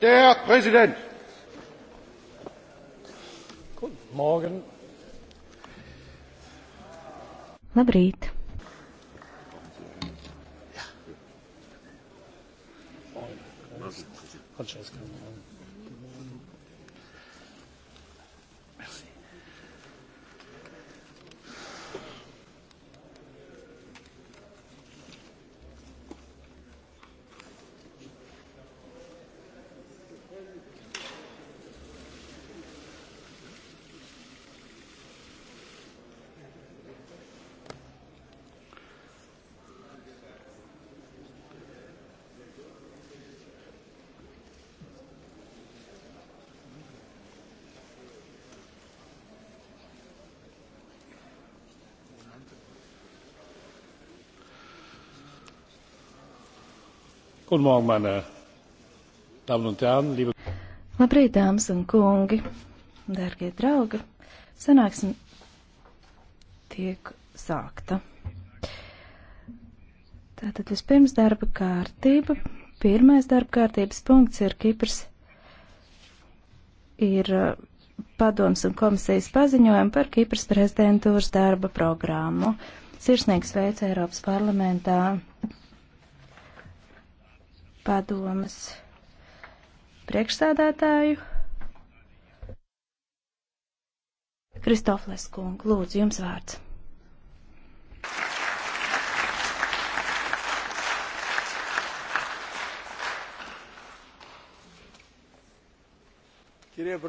Der Präsident! Guten Morgen! Labrīt! Francesca. Guten Morgen, meine Damen und Herren, liebe. Labrīt, dāmas un kungi, dārgie draugi. Sanāksim tiek sākta. Tātad vispirms darba kārtība. Pirmais darba kārtības punkts ir Kipras ir uh, padoms un komisijas paziņojumi par Kipras prezidentūras darba programmu. Sirsnīgs veids Eiropas parlamentā padomas priekšsēdētāju. Kristofles kung, lūdzu, jums vārds. Kirie